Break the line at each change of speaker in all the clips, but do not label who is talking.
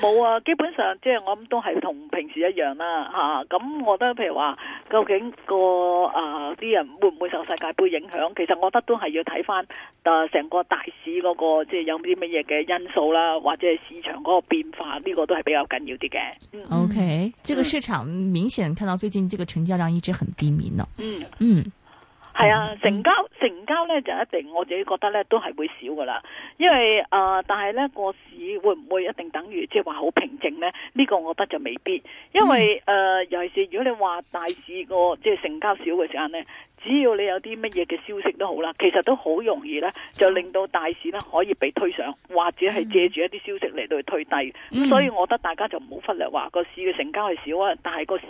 冇啊，基本上即係我諗都係同
平時一樣啦，吓、啊、咁我覺得譬如話，究竟個誒啲、啊、人會唔會受世界盃影響？其實我覺得都係要睇翻誒成個大市嗰、那個即係、就是、有啲乜嘢嘅因素啦，或者係市場嗰個變化，呢、這個都係比較緊要啲嘅。
OK，嗯、這個市場、嗯、明顯看到最近這個成交量一直很低迷咯。嗯。嗯。
係啊，成交成交咧就一定，我自己覺得咧都係會少噶啦。因為誒、呃，但係咧個市會唔會一定等於即係話好平靜咧？呢、這個我覺得就未必，因為誒、呃、尤其是如果你話大市個即係成交少嘅時間咧。只要你有啲乜嘢嘅消息都好啦，其實都好容易咧，就令到大市咧可以被推上，嗯、或者係借住一啲消息嚟到去推低。咁、嗯、所以我覺得大家就唔好忽略話個市嘅成交係少啊，但係個市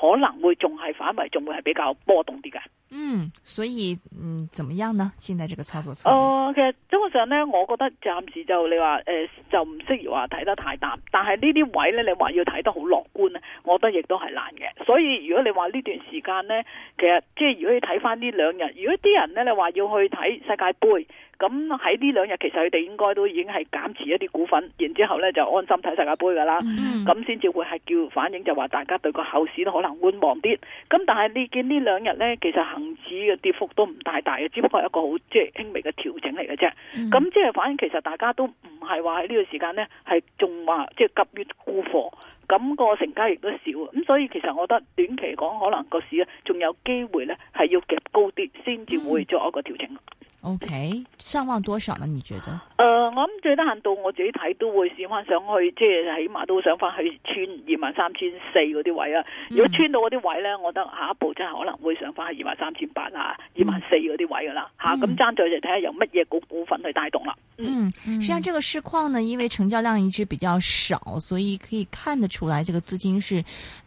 可能會仲係反為仲會係比較波動啲嘅。嗯，
所以嗯，怎麼樣呢？現在這個操作策略哦、呃，其實總括上呢，我覺得暫
時就你話誒、呃，就唔適宜話睇得太淡。但係呢啲位咧，你話要睇得好樂觀咧，我覺得亦都係難嘅。所以如果你話呢段時間咧，其實即係如果，睇翻呢兩日，如果啲人咧，你話要去睇世界盃，咁喺呢兩日其實佢哋應該都已經係減持一啲股份，然之後咧就安心睇世界盃噶啦，咁先至會係叫反應，就話大家對個後市都可能觀望啲。咁但係你見呢兩日咧，其實恆指嘅跌幅都唔太大嘅，只不過係一個好即係輕微嘅調整嚟嘅啫。咁即係反映其實大家都唔係話喺呢個時間咧係仲話即係急於沽貨。咁個成交亦都少，咁所以其實我覺得短期講，可能個市咧仲有機會咧，係要夾高啲先至會作一個調整。嗯
O、okay, K，上望多少呢？你覺得？
誒、呃，我諗最低限度我自己睇都會試翻上去，即係起碼都想翻去穿二萬三千四嗰啲位置啊！嗯、如果穿到嗰啲位咧，我覺得下一步真係可能會上翻去二萬三千八啊，二萬四嗰啲位噶啦吓！咁爭在就睇下由乜嘢股股份去帶動啦。嗯，實
際上這個市況呢，因為成交量一直比較少，所以可以看得出來，這個資金是。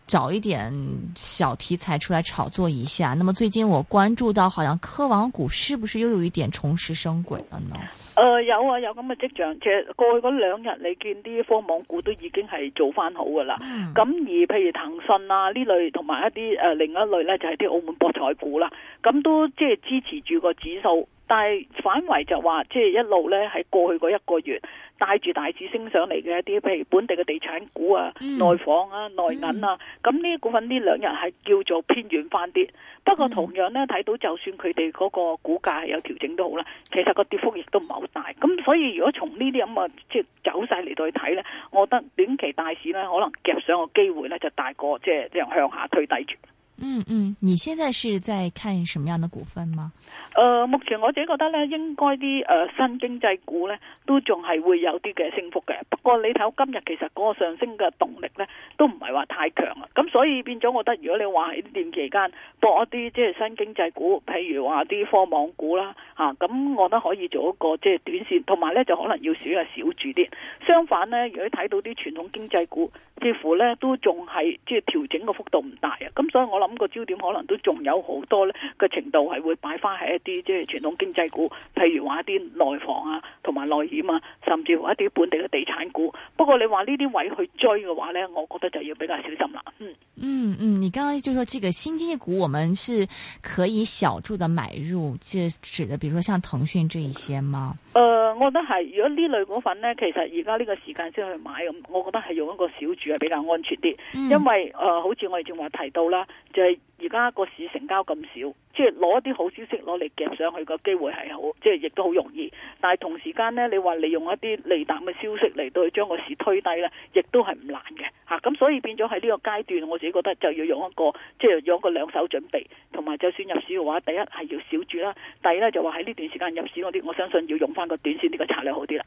找一點小題材出來炒作一下。那麼最近我關注到，好像科網股是不是又有一點重拾升軌了呢？
誒、呃，有啊，有咁嘅跡象。其實過去嗰兩日，你見啲科網股都已經係做翻好噶啦。咁、嗯、而譬如騰訊啊呢類，同埋一啲誒、呃、另一類呢，就係、是、啲澳門博彩股啦。咁都即係支持住個指數，但係反為就話即係一路呢喺過去嗰一個月，帶住大市升上嚟嘅一啲，譬如本地嘅地產股啊、嗯、內房啊、內銀啊，咁呢啲股份呢兩日係叫做偏軟反啲。不過同樣呢，睇、嗯、到就算佢哋嗰個股價係有調整都好啦，其實個跌幅亦都唔係好大。咁所以如果從呢啲咁嘅，即、就、係、是、走勢嚟到去睇呢，我覺得短期大市呢，可能夾上個機會呢，就大過即係向向下推低住。
嗯嗯，你現在是在看什麼樣的股份嗎？誒、呃，目
前我自己覺得咧，應該啲誒、呃、新經濟股咧都仲係會有啲嘅升幅嘅。不過你睇今日其實嗰個上升嘅動力咧都唔係話太強啊。咁所以變咗，我覺得如果你話喺呢段期間博一啲即係新經濟股，譬如話啲科網股啦，吓、啊、咁，那我覺得可以做一個即係短線，同埋咧就可能要少下少注啲。相反咧，如果睇到啲傳統經濟股，似乎咧都仲係即係調整個幅度唔大啊。咁所以我諗。咁個焦點可能都仲有好多咧，個程度係會擺翻喺一啲即係傳統經濟股，譬如話一啲內房啊，同埋內險啊，甚至乎一啲本地嘅地產股。不過你話呢啲位去追嘅話咧，我覺得就要比較小心啦。嗯。
嗯嗯，你剛剛就說這個新經濟股，我們是可以小注的買入，即指的，比如說像騰訊這一些嗎？
呃，我覺得係如果呢類股份呢，其實而家呢個時間先去買咁，我覺得係用一個小注係比較安全啲，嗯、因為呃好似我哋正話提到啦，就係。而家個市成交咁少，即係攞一啲好消息攞嚟夾上去個機會係好，即係亦都好容易。但係同時間呢，你話利用一啲利淡嘅消息嚟到去將個市推低呢，亦都係唔難嘅吓。咁、啊、所以變咗喺呢個階段，我自己覺得就要用一個即係、就是、用一個兩手準備，同埋就算入市嘅話，第一係要少住啦，第二呢就話喺呢段時間入市嗰啲，我相信要用翻個短線呢個策略好啲啦。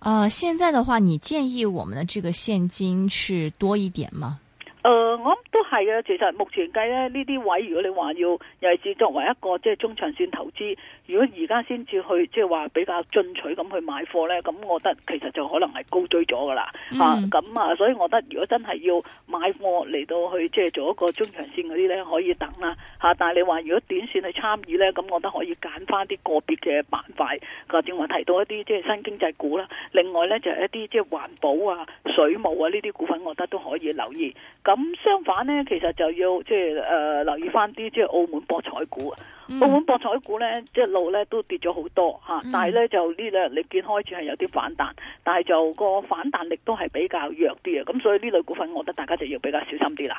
啊、
呃，現在的話，你建議我們的這個現金是多一點嗎？
誒、呃，我諗都係嘅、啊。其實目前計咧，呢啲位，如果你話要，尤其是作為一個即係、就是、中長線投資，如果而家先至去即係話比較進取咁去買貨咧，咁我覺得其實就可能係高追咗噶啦。嚇、嗯，咁啊，啊，所以我覺得如果真係要買貨嚟到去即係、就是、做一個中長線嗰啲咧，可以等啦。嚇、啊，但係你話如果短線去參與咧，咁我覺得可以揀翻啲個別嘅板塊，正話提到一啲即係新經濟股啦。另外咧就係、是、一啲即係環保啊、水務啊呢啲股份，我覺得都可以留意。咁相反呢，其實就要即係誒留意返啲即係澳門博彩股、嗯、澳門博彩股呢一路呢都跌咗好多嚇，但係呢，就是、呢兩日、啊嗯、你見開始係有啲反彈，但係就個反彈力都係比較弱啲嘅，咁所以呢類股份，我覺得大家就要比較小心啲啦。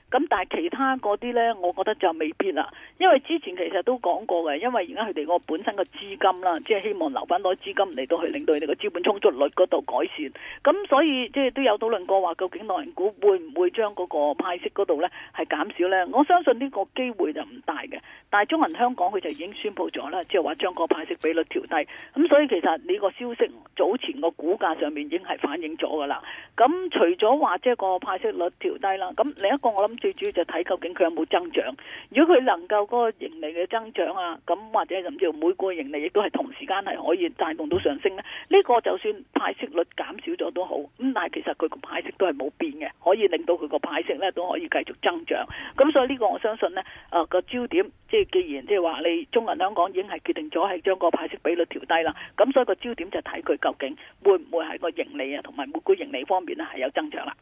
咁但係其他嗰啲呢，我覺得就未必啦，因為之前其實都講過嘅，因為而家佢哋個本身嘅資金啦，即係希望留翻多資金嚟到去令到佢哋個資本充足率嗰度改善。咁所以即係都有討論過話，究竟內銀股會唔會將嗰個派息嗰度呢係減少呢？我相信呢個機會就唔大嘅。但係中銀香港佢就已經宣布咗啦，即係話將個派息比率調低。咁所以其實呢個消息早前個股價上面已經係反映咗㗎啦。咁除咗話即係個派息率調低啦，咁另一個我諗。最主要就睇究竟佢有冇增長，如果佢能夠嗰個盈利嘅增長啊，咁或者甚至每股盈利亦都係同時間係可以帶動到上升咧，呢個就算派息率減少咗都好。咁但係其實佢個派息都係冇變嘅，可以令到佢個派息咧都可以繼續增長，咁所以呢個我相信咧，誒個焦點即係既然即係話，你中銀香港已經係決定咗係將個派息比率調低啦，咁所以個焦點就睇佢究竟會唔會，喺個盈利啊同埋每股盈利方面咧係有增長啦。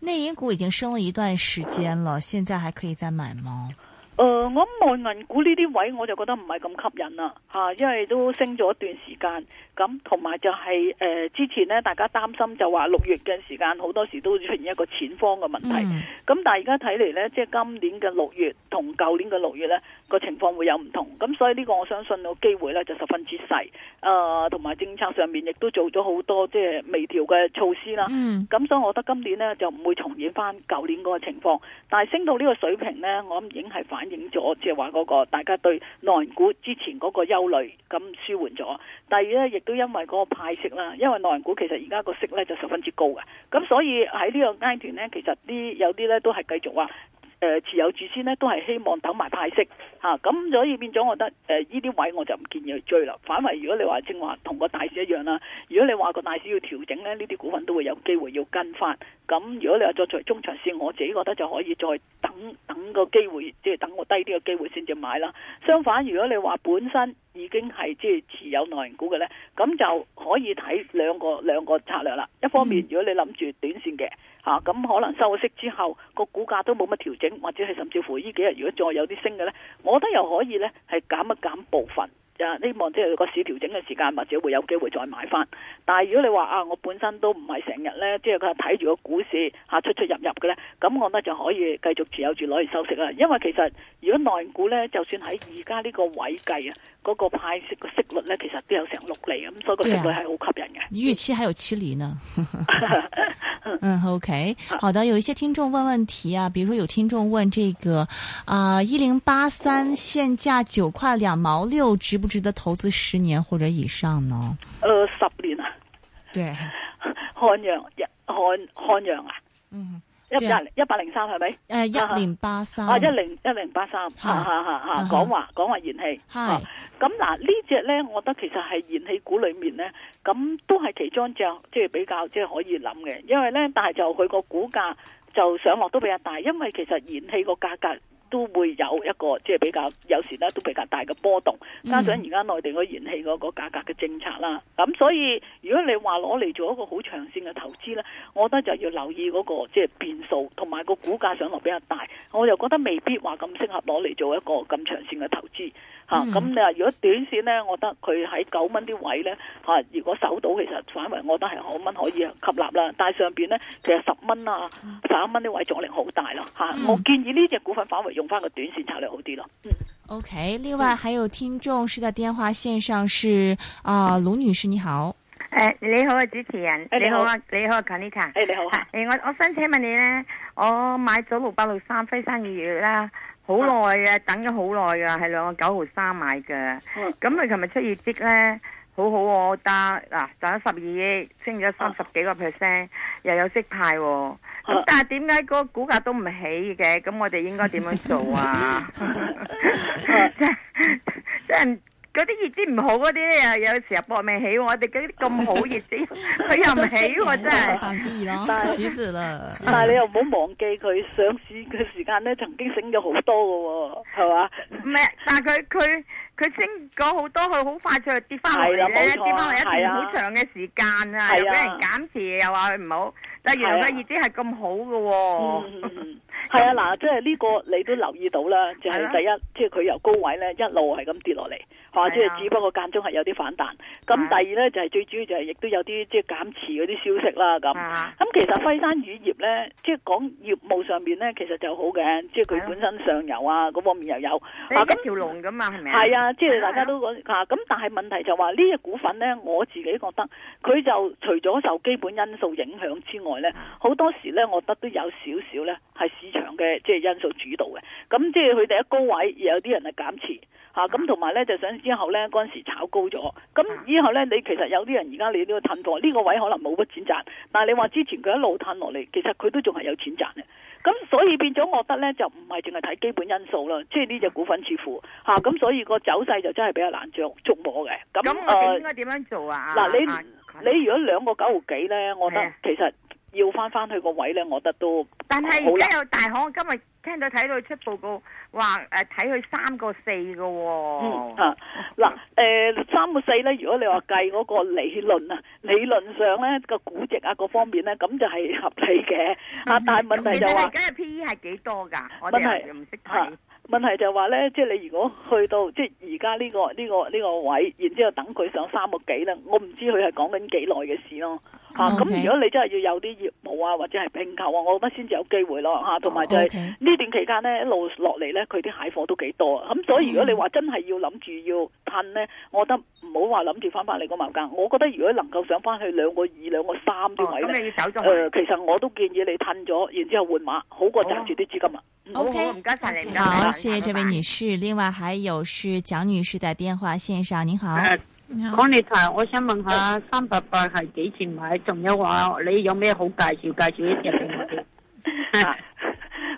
內銀股已經升了一段時間了，現在還可以再買嗎？
誒、呃，我內銀股呢啲位我就覺得唔係咁吸引啦，吓，因為都升咗一段時間。咁同埋就係、是、誒、呃、之前咧，大家擔心就話六月嘅時間好多時都出現一個錢荒嘅問題。咁、嗯、但係而家睇嚟咧，即、就、係、是、今年嘅六月同舊年嘅六月咧個情況會有唔同。咁所以呢個我相信個機會咧就十分之細。誒同埋政策上面亦都做咗好多即係微調嘅措施啦。咁、嗯、所以我覺得今年呢就唔會重演翻舊年嗰個情況。但係升到呢個水平呢，我諗已經係反映咗即係話嗰個大家對內銀股之前嗰個憂慮咁舒緩咗。第二咧亦，都因為嗰個派息啦，因為內銀股其實而家個息咧就十分之高嘅，咁所以喺呢個階段咧，其實啲有啲咧都係繼續話。誒、呃、持有住先呢都係希望等埋派息咁、啊、所以變咗，我覺得呢啲、呃、位我就唔建議去追啦。反為如果你話正話同個大市一樣啦，如果你話個大市要調整咧，呢啲股份都會有機會要跟翻。咁如果你話再做中長線，我自己覺得就可以再等等個機會，即、就、係、是、等我低個低啲嘅機會先至買啦。相反，如果你話本身已經係即係持有內銀股嘅呢，咁就可以睇兩個兩個策略啦。一方面，如果你諗住短線嘅。吓咁、啊、可能收息之後、個股價都冇乜調整，或者係甚至乎呢幾日如果再有啲升嘅呢，我覺得又可以呢係減一減部分，啊希望即係個市調整嘅時間，或者會有機會再買翻。但係如果你話啊，我本身都唔係成日呢，即係睇住個股市吓、啊、出出入入嘅呢，咁我覺得就可以繼續持有住攞嚟收息啦。因為其實如果內股呢，就算喺而家呢個位計啊。嗰個派息個
息率咧，其實都有成六厘咁，所以個息率係好吸引嘅、啊。預期還有七厘呢？ 嗯，OK，好的。有一些聽眾問問題啊，比如說有聽眾問這個啊，一零八三現價九塊兩毛六，值不值得投資十年或者以上呢？
呃，十年啊？對，漢陽一漢漢陽啊？就一七一百零三係咪？誒、呃，一年
八三啊，一
零一零八三，吓吓吓吓，講、啊啊啊啊、話講話燃氣，係咁嗱呢隻咧，我覺得其實係燃氣股裏面咧，咁都係其中隻即係比較即係、就是、可以諗嘅，因為咧，但係就佢個股價就上落都比較大，因為其實燃氣個價格。都會有一個即係、即係、比較有時咧都比較大嘅波動，加上而家內地嘅燃氣嗰個價格嘅政策啦，咁所以如果你話攞嚟做一個好長線嘅投資呢，我覺得就要留意嗰、嗰個即係、即係、變數，同埋個股價上落比較大，我又覺得未必話咁適合攞嚟做一個咁長線嘅投資。嗯、啊，咁你話如果短線咧，我覺得佢喺九蚊啲位咧，吓、啊、如果守到，其實反為我覺得係九蚊可以吸納啦。但係上邊咧，其實十蚊啊、十一蚊啲位阻力好大咯，吓、啊、我建議呢隻股份反為用翻個短線策略好啲咯。嗯
，OK，另外還有聽眾是在電話線上是，是、呃、啊，盧女士你好。
誒，你好啊，主持人，你好啊，你好啊 Kanita，誒你好吓，誒我我想請問你咧，我買咗六百六三飛三個月啦，
好耐呀，等咗好耐噶，係兩個九號三買嘅，咁佢琴日出業績咧，好好喎，得嗱賺咗十二億，升咗三十幾個 percent，
又有息派，咁但係點解個股價都唔起嘅？咁我哋應該點樣做啊？即即。嗰啲業績唔好嗰啲咧，有時又搏命起，我哋嗰啲咁好業績，佢 又唔起，真係。但係
是、嗯、但係
你又唔好忘記佢上市嘅時間咧，曾經升咗好多噶，係嘛？唔係，但係佢佢佢升咗好多，佢好快就跌翻嚟咧，跌翻嚟一段好長嘅
時間啊，又俾人
減持，又話佢唔好，啊、但係原來嘅業績係咁好噶喎。 係啊，嗱，即係呢個你都留意到啦，就係、是、第一，啊、即係佢由高位咧一路係咁跌落嚟，吓、啊，即係只不過間中係有啲反彈。咁、啊、第二咧就係、是、最主要就係亦都有啲即係減持嗰啲消息啦。咁，咁、啊、其實輝山乳業咧，即係講業務上面咧，其實就好嘅，即係佢本身上游啊嗰方面又有，咁條龍咁嘛，係咪啊？係啊，即係大家都講吓，咁、啊啊、但係問題就話呢隻股份咧，我自己覺得佢就除咗受基本因素影響之外咧，好、啊、多時咧，我覺得都有少少咧係市場。嘅即係因素主導嘅，咁、嗯、即係佢第一高位有啲人係減持，吓咁同埋咧就想之後咧嗰陣時炒高咗，咁以後咧你其實有啲人而家你都要褪貨，呢、呢個位可能冇乜錢賺，但係你話之前佢一路褪落嚟，其實佢都仲係有錢賺嘅，咁、嗯、所以變咗我覺得咧就唔係淨係睇基本因素咯，即係呢隻股份似乎吓，咁、啊嗯、所以個走勢就真係比較難捉捉摸嘅。咁、嗯、我哋應該點樣做啊？嗱、啊，啊、你、啊、你如果兩個九毫幾咧，的我覺得其實。要翻翻去個位咧，我覺得都，但係而家有大行今日聽到睇到出報告，話誒睇佢三個四個喎，嗱三個四咧，如果你話計嗰個理論啊，理論上咧個、嗯、估值啊各方面咧，咁就係合理嘅嚇。但係問題就話而家
嘅 P E 係幾多㗎？我哋又唔識睇。啊
問題就係話咧，即係你如果去到即係而家呢個呢、這個呢、這個位，然之後等佢上三個幾咧，我唔知佢係講緊幾耐嘅事咯。
吓 Okay.、啊，咁如果你
真係要有啲業務啊，或者係併購啊，我覺得先至有機會咯、啊。吓、啊，同埋就係、是、呢 Okay. 段期間呢，一路落嚟呢，佢啲蟹貨都幾多啊。咁所以如果你話真係要諗住要褪呢，嗯、我覺得唔好話諗住翻翻你個毛價。我覺得如果能夠上翻去兩個二、兩個三啲位咧，誒、哦呃，其實我都建議你褪咗，然之後換馬，好過擋住啲資
金啊。O Okay , K，okay. 好，謝謝這位女士。另外還有是蔣女士在電話線上，你好。
Uh,
你好，我我想問下三八八係幾錢買？仲有話你有咩好
介紹？介紹一隻俾我。嗱，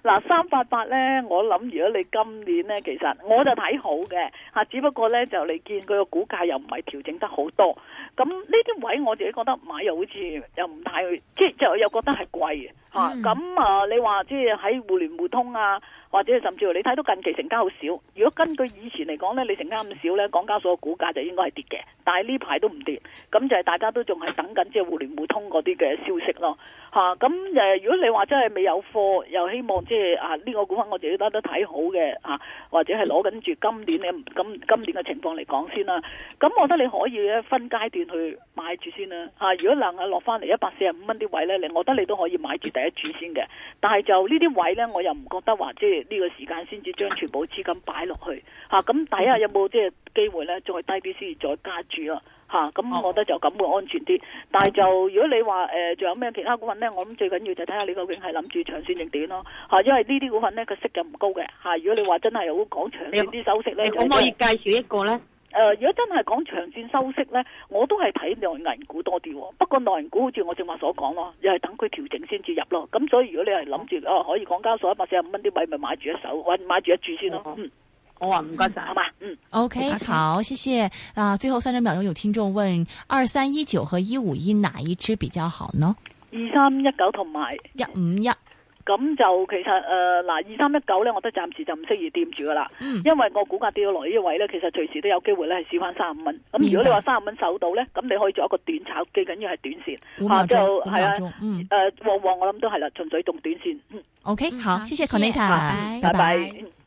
嗱三八八咧，我諗如果你今年咧，其實我就睇好嘅吓，只不過咧就你見佢個股價又唔係調整得好多。咁呢啲位我自己覺得買又好似又唔太，即係就又覺得係貴嘅咁、嗯、啊，你話即係喺互聯互通啊，或者甚至乎你睇到近期成交好少。如果根據以前嚟講咧，你成交咁少咧，港交所嘅股價就應該係跌嘅。但係呢排都唔跌，咁就係大家都仲係等緊即係互聯互通嗰啲嘅消息咯嚇。咁、啊、如果你話真係未有貨，又希望即係啊呢、呢個股份我自己都睇好嘅、啊、或者係攞緊住今年嘅今今年嘅情況嚟講先啦、啊。咁我覺得你可以分階段。去買住先啦，嚇！如果能夠落翻嚟一百四十五蚊啲位咧，你我覺得你都可以買住第一注先嘅。但係就呢啲位咧，我又唔覺得話即係呢個時間先至將全部資金擺落去嚇。咁睇下有冇即係機會咧，再低啲先再加住啦、啊、嚇。咁、啊、我覺得就咁會安全啲。但係就如果你話誒，仲、呃、有咩其他股份咧？我諗最緊要就睇下你究竟係諗住長線定短咯嚇。因為呢啲股份咧，佢息嘅唔高嘅嚇、啊。如果你話真係好講長線啲收息咧，可唔可以介紹一個咧？誒、呃，如果真係講長線收息咧，我都係睇內銀股多啲、哦。不過內銀股好似我正話所講咯，又係等佢調整先至入咯。咁所以如果你係諗住哦，可以講交易所一百四十五蚊啲位咪買住一手，或買住一注先咯、哦。嗯，嗯，我話唔該晒，好嘛？嗯
，OK，好，謝謝。嗱、啊，最後三十秒鐘有聽眾問：二三一九和一五一哪一支比較好呢？二
三一九同埋一五
一。Yeah, um, yeah.
咁就其實誒嗱，二三一九咧，我都暫時就唔適宜掂住噶啦，嗯、因為個股價跌到來呢個位咧，其實隨時都有機會咧係試翻三十五蚊。咁如果你話三十五蚊守到咧，咁你可以做一個短炒機，最緊要係短線。吓就係啊，誒旺旺我都，我諗都係啦，純粹做短線。嗯、o Okay , K，、嗯、好，謝謝 Connie Tan 拜拜。拜拜拜拜